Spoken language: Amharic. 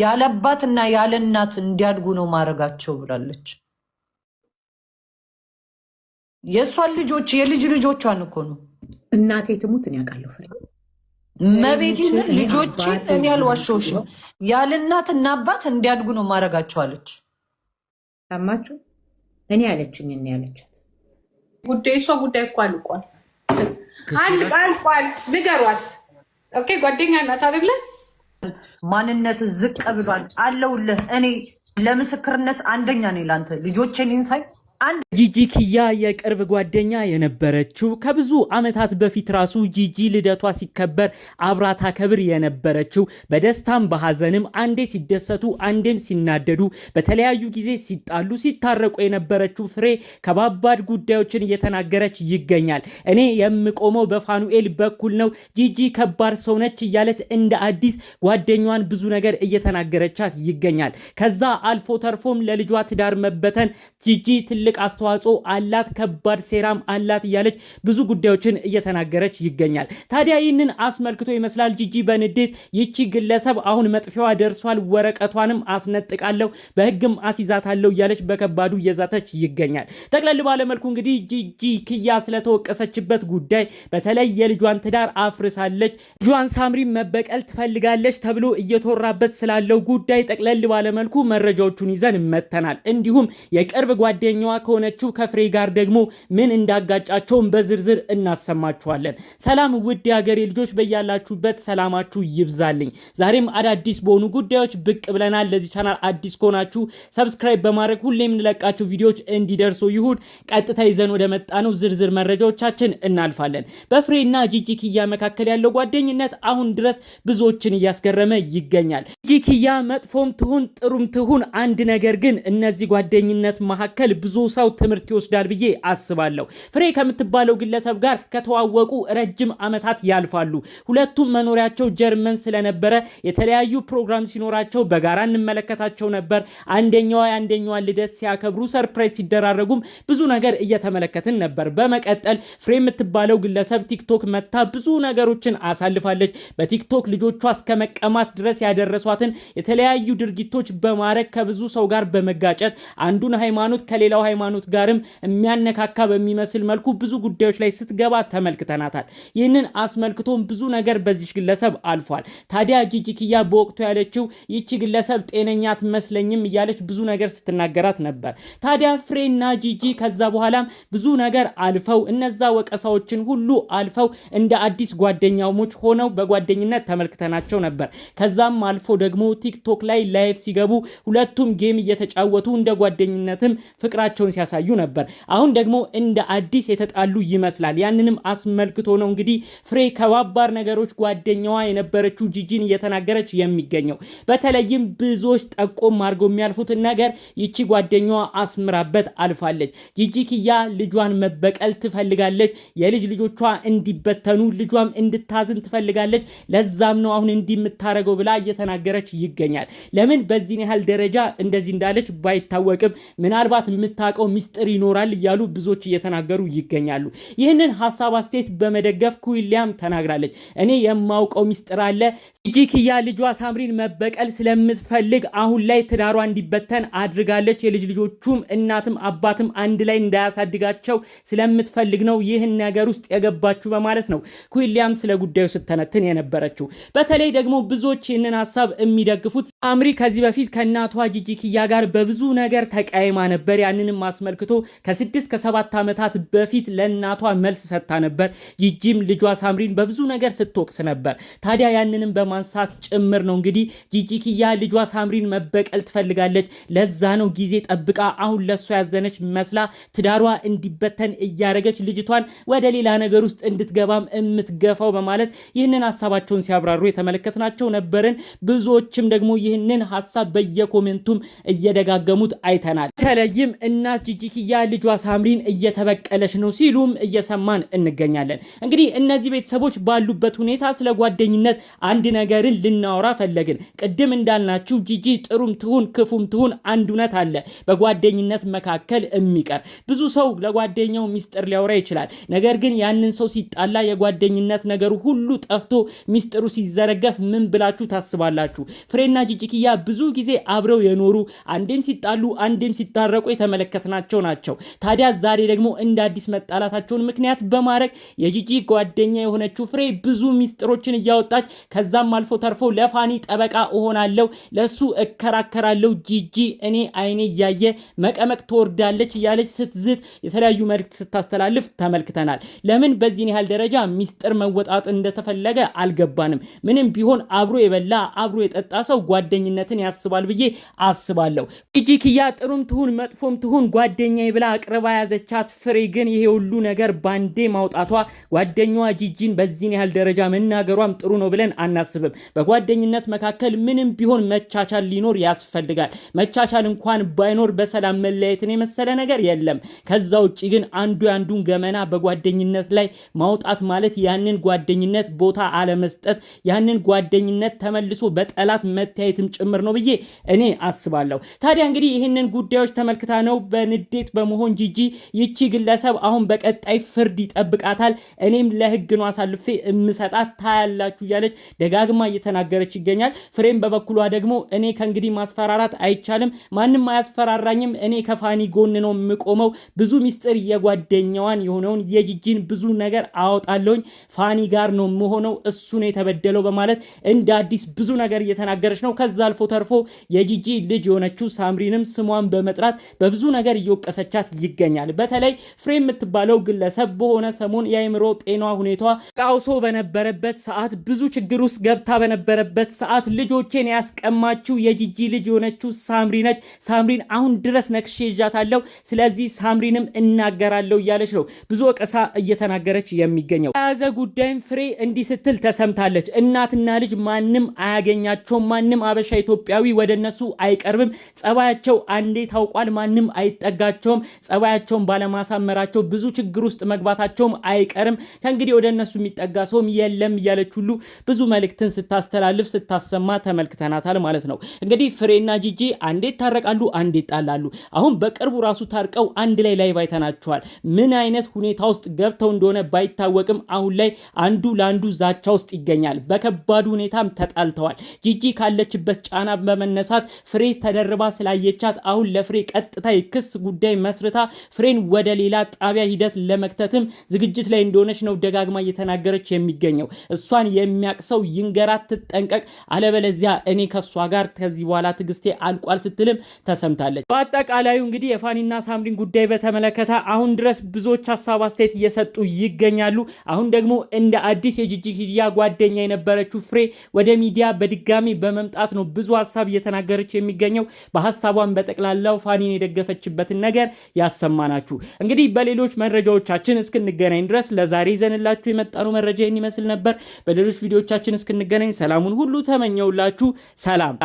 ያለ አባትና ያለ እናት እንዲያድጉ ነው ማድረጋቸው ብላለች። የእሷን ልጆች የልጅ ልጆቿን እኮ ነው እናቴ ትሙት እኔ አውቃለሁ። ፍሬ መቤቴን ልጆች እኔ አልዋሸሁሽም። ያለ እና አባት እንዲያድጉ ነው ማድረጋቸው አለች። ሰማችሁ? እኔ ያለችኝ እኔ ያለቻት ጉዳይ እሷ ጉዳይ እኮ አልቋል፣ አልቋል። ንገሯት። ኦኬ ጓደኛ እናት አይደለን ማንነት ዝቅ ብሏል። አለውልህ እኔ ለምስክርነት አንደኛ ነኝ ላንተ ልጆቼን ኢንሳይ አንድ ጂጂ ኪያ የቅርብ ጓደኛ የነበረችው ከብዙ ዓመታት በፊት ራሱ ጂጂ ልደቷ ሲከበር አብራ ታከብር የነበረችው በደስታም በሐዘንም አንዴ ሲደሰቱ አንዴም ሲናደዱ በተለያዩ ጊዜ ሲጣሉ ሲታረቁ የነበረችው ፍሬ ከባባድ ጉዳዮችን እየተናገረች ይገኛል። እኔ የምቆመው በፋኑኤል በኩል ነው፣ ጂጂ ከባድ ሰው ነች እያለች እንደ አዲስ ጓደኛዋን ብዙ ነገር እየተናገረቻት ይገኛል። ከዛ አልፎ ተርፎም ለልጇ ትዳር መበተን ጂጂ ትልቅ ትልቅ አስተዋጽኦ አላት፣ ከባድ ሴራም አላት እያለች ብዙ ጉዳዮችን እየተናገረች ይገኛል። ታዲያ ይህንን አስመልክቶ ይመስላል ጂጂ በንዴት ይቺ ግለሰብ አሁን መጥፊያዋ ደርሷል፣ ወረቀቷንም አስነጥቃለሁ፣ በህግም አስይዛታለሁ እያለች በከባዱ እየዛተች ይገኛል። ጠቅለል ባለመልኩ እንግዲህ ጂጂ ክያ ስለተወቀሰችበት ጉዳይ በተለይ የልጇን ትዳር አፍርሳለች፣ ልጇን ሳምሪ መበቀል ትፈልጋለች ተብሎ እየተወራበት ስላለው ጉዳይ ጠቅለል ባለመልኩ መረጃዎቹን ይዘን መተናል። እንዲሁም የቅርብ ጓደኛዋ ከሆነችው ከፍሬ ጋር ደግሞ ምን እንዳጋጫቸውን በዝርዝር እናሰማችኋለን። ሰላም ውድ የሀገሬ ልጆች፣ በያላችሁበት ሰላማችሁ ይብዛልኝ። ዛሬም አዳዲስ በሆኑ ጉዳዮች ብቅ ብለናል። ለዚህ ቻናል አዲስ ከሆናችሁ ሰብስክራይብ በማድረግ ሁሌ የምንለቃቸው ቪዲዮዎች እንዲደርሱ ይሁን። ቀጥታ ይዘን ወደ ነው ዝርዝር መረጃዎቻችን እናልፋለን። በፍሬና ጂጂ ኪያ መካከል ያለው ጓደኝነት አሁን ድረስ ብዙዎችን እያስገረመ ይገኛል። ጂጂ ኪያ መጥፎም ትሁን ጥሩም ትሁን አንድ ነገር ግን እነዚህ ጓደኝነት መካከል ብዙ ሰው ትምህርት ይወስዳል ብዬ አስባለሁ። ፍሬ ከምትባለው ግለሰብ ጋር ከተዋወቁ ረጅም ዓመታት ያልፋሉ። ሁለቱም መኖሪያቸው ጀርመን ስለነበረ የተለያዩ ፕሮግራም ሲኖራቸው በጋራ እንመለከታቸው ነበር። አንደኛዋ የአንደኛዋን ልደት ሲያከብሩ ሰርፕራይዝ ሲደራረጉም ብዙ ነገር እየተመለከትን ነበር። በመቀጠል ፍሬ የምትባለው ግለሰብ ቲክቶክ መታ ብዙ ነገሮችን አሳልፋለች። በቲክቶክ ልጆቿ እስከ መቀማት ድረስ ያደረሷትን የተለያዩ ድርጊቶች በማድረግ ከብዙ ሰው ጋር በመጋጨት አንዱን ሃይማኖት ከሌላው ሃይማኖት ጋርም የሚያነካካ በሚመስል መልኩ ብዙ ጉዳዮች ላይ ስትገባ ተመልክተናታል። ይህንን አስመልክቶም ብዙ ነገር በዚች ግለሰብ አልፏል። ታዲያ ጂጂክያ በወቅቱ ያለችው ይቺ ግለሰብ ጤነኛ አትመስለኝም እያለች ብዙ ነገር ስትናገራት ነበር። ታዲያ ፍሬና ጂጂ ከዛ በኋላም ብዙ ነገር አልፈው እነዛ ወቀሳዎችን ሁሉ አልፈው እንደ አዲስ ጓደኛሞች ሆነው በጓደኝነት ተመልክተናቸው ነበር። ከዛም አልፎ ደግሞ ቲክቶክ ላይ ላይቭ ሲገቡ ሁለቱም ጌም እየተጫወቱ እንደ ጓደኝነትም ፍቅራቸው ፍቅራቸውን ሲያሳዩ ነበር። አሁን ደግሞ እንደ አዲስ የተጣሉ ይመስላል። ያንንም አስመልክቶ ነው እንግዲህ ፍሬ ከባባር ነገሮች ጓደኛዋ የነበረችው ጂጂን እየተናገረች የሚገኘው። በተለይም ብዙዎች ጠቆም አድርገው የሚያልፉትን ነገር ይቺ ጓደኛዋ አስምራበት አልፋለች። ጂጂ ኪያ ልጇን መበቀል ትፈልጋለች። የልጅ ልጆቿ እንዲበተኑ ልጇም እንድታዝን ትፈልጋለች። ለዛም ነው አሁን እንዲህ የምታደርገው ብላ እየተናገረች ይገኛል። ለምን በዚህን ያህል ደረጃ እንደዚህ እንዳለች ባይታወቅም ምናልባት የምታ የምናውቀው ሚስጥር ይኖራል እያሉ ብዙዎች እየተናገሩ ይገኛሉ። ይህንን ሀሳብ አስተያየት በመደገፍ ኩዊሊያም ተናግራለች። እኔ የማውቀው ሚስጥር አለ። ጂኪያ ልጇ ሳምሪን መበቀል ስለምትፈልግ አሁን ላይ ትዳሯ እንዲበተን አድርጋለች። የልጅ ልጆቹም እናትም አባትም አንድ ላይ እንዳያሳድጋቸው ስለምትፈልግ ነው ይህን ነገር ውስጥ የገባችሁ በማለት ነው ኩዊሊያም ስለ ጉዳዩ ስተነትን የነበረችው። በተለይ ደግሞ ብዙዎች ይህንን ሀሳብ የሚደግፉት ሳምሪ ከዚህ በፊት ከእናቷ ጂጂኪያ ጋር በብዙ ነገር ተቃይማ ነበር። ያንንም አስመልክቶ ከስድስት ከሰባት ዓመታት በፊት ለእናቷ መልስ ሰጥታ ነበር። ጂጂም ልጇ ሳምሪን በብዙ ነገር ስትወቅስ ነበር። ታዲያ ያንንም በማንሳት ጭምር ነው እንግዲህ ጂጂ ኪያ ልጇ ሳምሪን መበቀል ትፈልጋለች። ለዛ ነው ጊዜ ጠብቃ አሁን ለሷ ያዘነች መስላ ትዳሯ እንዲበተን እያደረገች ልጅቷን ወደ ሌላ ነገር ውስጥ እንድትገባም የምትገፋው በማለት ይህንን ሀሳባቸውን ሲያብራሩ የተመለከትናቸው ነበርን። ብዙዎችም ደግሞ ይህንን ሀሳብ በየኮሜንቱም እየደጋገሙት አይተናል። በተለይም እና እናት ጂጂኪያ ልጇ ሳምሪን እየተበቀለች ነው ሲሉም እየሰማን እንገኛለን። እንግዲህ እነዚህ ቤተሰቦች ባሉበት ሁኔታ ስለ ጓደኝነት አንድ ነገርን ልናወራ ፈለግን። ቅድም እንዳልናችሁ ጂጂ ጥሩም ትሁን ክፉም ትሁን አንድ እውነት አለ በጓደኝነት መካከል የሚቀር ብዙ ሰው ለጓደኛው ሚስጥር ሊያወራ ይችላል። ነገር ግን ያንን ሰው ሲጣላ የጓደኝነት ነገሩ ሁሉ ጠፍቶ ሚስጥሩ ሲዘረገፍ ምን ብላችሁ ታስባላችሁ? ፍሬና ጂጂኪያ ብዙ ጊዜ አብረው የኖሩ አንዴም ሲጣሉ አንዴም ሲታረቁ የተመለከተ ያመለከትናቸው ናቸው። ታዲያ ዛሬ ደግሞ እንደ አዲስ መጣላታቸውን ምክንያት በማድረግ የጂጂ ጓደኛ የሆነችው ፍሬ ብዙ ሚስጥሮችን እያወጣች ከዛም አልፎ ተርፎ ለፋኒ ጠበቃ እሆናለሁ፣ ለሱ እከራከራለሁ፣ ጂጂ እኔ አይኔ እያየ መቀመቅ ትወርዳለች እያለች ስትዝት የተለያዩ መልእክት ስታስተላልፍ ተመልክተናል። ለምን በዚህን ያህል ደረጃ ሚስጥር መወጣት እንደተፈለገ አልገባንም። ምንም ቢሆን አብሮ የበላ አብሮ የጠጣ ሰው ጓደኝነትን ያስባል ብዬ አስባለሁ። ጂጂ ኪያ ጥሩም ትሁን መጥፎም ትሁን ጓደኛዬ ብላ አቅርባ ያዘቻት ፍሬ ግን ይሄ ሁሉ ነገር ባንዴ ማውጣቷ ጓደኛዋ ጂጂን በዚህን ያህል ደረጃ መናገሯም ጥሩ ነው ብለን አናስብም። በጓደኝነት መካከል ምንም ቢሆን መቻቻል ሊኖር ያስፈልጋል። መቻቻል እንኳን ባይኖር በሰላም መለያየትን የመሰለ ነገር የለም። ከዛ ውጭ ግን አንዱ የአንዱን ገመና በጓደኝነት ላይ ማውጣት ማለት ያንን ጓደኝነት ቦታ አለመስጠት፣ ያንን ጓደኝነት ተመልሶ በጠላት መታየትም ጭምር ነው ብዬ እኔ አስባለሁ። ታዲያ እንግዲህ ይህንን ጉዳዮች ተመልክታ ነው በንዴት በመሆን ጂጂ ይቺ ግለሰብ አሁን በቀጣይ ፍርድ ይጠብቃታል፣ እኔም ለህግ ነው አሳልፌ የምሰጣት ታያላችሁ እያለች ደጋግማ እየተናገረች ይገኛል። ፍሬም በበኩሏ ደግሞ እኔ ከእንግዲህ ማስፈራራት አይቻልም፣ ማንም አያስፈራራኝም፣ እኔ ከፋኒ ጎን ነው የምቆመው፣ ብዙ ሚስጥር የጓደኛዋን የሆነውን የጂጂን ብዙ ነገር አወጣለሁኝ፣ ፋኒ ጋር ነው የምሆነው፣ እሱ ነው የተበደለው በማለት እንደ አዲስ ብዙ ነገር እየተናገረች ነው። ከዛ አልፎ ተርፎ የጂጂ ልጅ የሆነችው ሳምሪንም ስሟን በመጥራት በብዙ ነገር ነገር እየወቀሰቻት ይገኛል። በተለይ ፍሬ የምትባለው ግለሰብ በሆነ ሰሞን የአይምሮ ጤና ሁኔታ ቃውሶ በነበረበት ሰዓት ብዙ ችግር ውስጥ ገብታ በነበረበት ሰዓት ልጆቼን ያስቀማችው የጂጂ ልጅ የሆነችው ሳምሪ ነች። ሳምሪን አሁን ድረስ ነክሼ ይዣታለሁ፣ ስለዚህ ሳምሪንም እናገራለሁ እያለች ነው ብዙ ወቀሳ እየተናገረች የሚገኘው። ያዘ ጉዳይም ፍሬ እንዲህ ስትል ተሰምታለች። እናትና ልጅ ማንም አያገኛቸውም። ማንም አበሻ ኢትዮጵያዊ ወደ እነሱ አይቀርብም። ጸባያቸው አንዴ ታውቋል። ማንም አይ አይጠጋቸውም። ጸባያቸውን ባለማሳመራቸው ብዙ ችግር ውስጥ መግባታቸውም አይቀርም። ከእንግዲህ ወደ እነሱ የሚጠጋ ሰውም የለም እያለች ሁሉ ብዙ መልእክትን ስታስተላልፍ ስታሰማ ተመልክተናታል ማለት ነው። እንግዲህ ፍሬና ጂጂ አንዴ ይታረቃሉ፣ አንዴ ይጣላሉ። አሁን በቅርቡ ራሱ ታርቀው አንድ ላይ ላይ ባይተናቸዋል። ምን አይነት ሁኔታ ውስጥ ገብተው እንደሆነ ባይታወቅም አሁን ላይ አንዱ ለአንዱ ዛቻ ውስጥ ይገኛል። በከባዱ ሁኔታም ተጣልተዋል። ጂጂ ካለችበት ጫና በመነሳት ፍሬ ተደርባ ስላየቻት አሁን ለፍሬ ቀጥታ ይክስ በክስ ጉዳይ መስርታ ፍሬን ወደ ሌላ ጣቢያ ሂደት ለመክተትም ዝግጅት ላይ እንደሆነች ነው ደጋግማ እየተናገረች የሚገኘው። እሷን የሚያቅሰው ይንገራት፣ ትጠንቀቅ፣ አለበለዚያ እኔ ከእሷ ጋር ከዚህ በኋላ ትግስቴ አልቋል ስትልም ተሰምታለች። በአጠቃላዩ እንግዲህ የፋኒና ሳምሪን ጉዳይ በተመለከተ አሁን ድረስ ብዙዎች ሀሳብ አስተያየት እየሰጡ ይገኛሉ። አሁን ደግሞ እንደ አዲስ የጂጂ ጓደኛ የነበረችው ፍሬ ወደ ሚዲያ በድጋሚ በመምጣት ነው ብዙ ሀሳብ እየተናገረች የሚገኘው። በሀሳቧን በጠቅላላው ፋኒን የደገፈች የምንችልበትን ነገር ያሰማናችሁ። እንግዲህ በሌሎች መረጃዎቻችን እስክንገናኝ ድረስ ለዛሬ ይዘንላችሁ የመጣነው መረጃ ይህን ይመስል ነበር። በሌሎች ቪዲዮቻችን እስክንገናኝ ሰላሙን ሁሉ ተመኘውላችሁ። ሰላም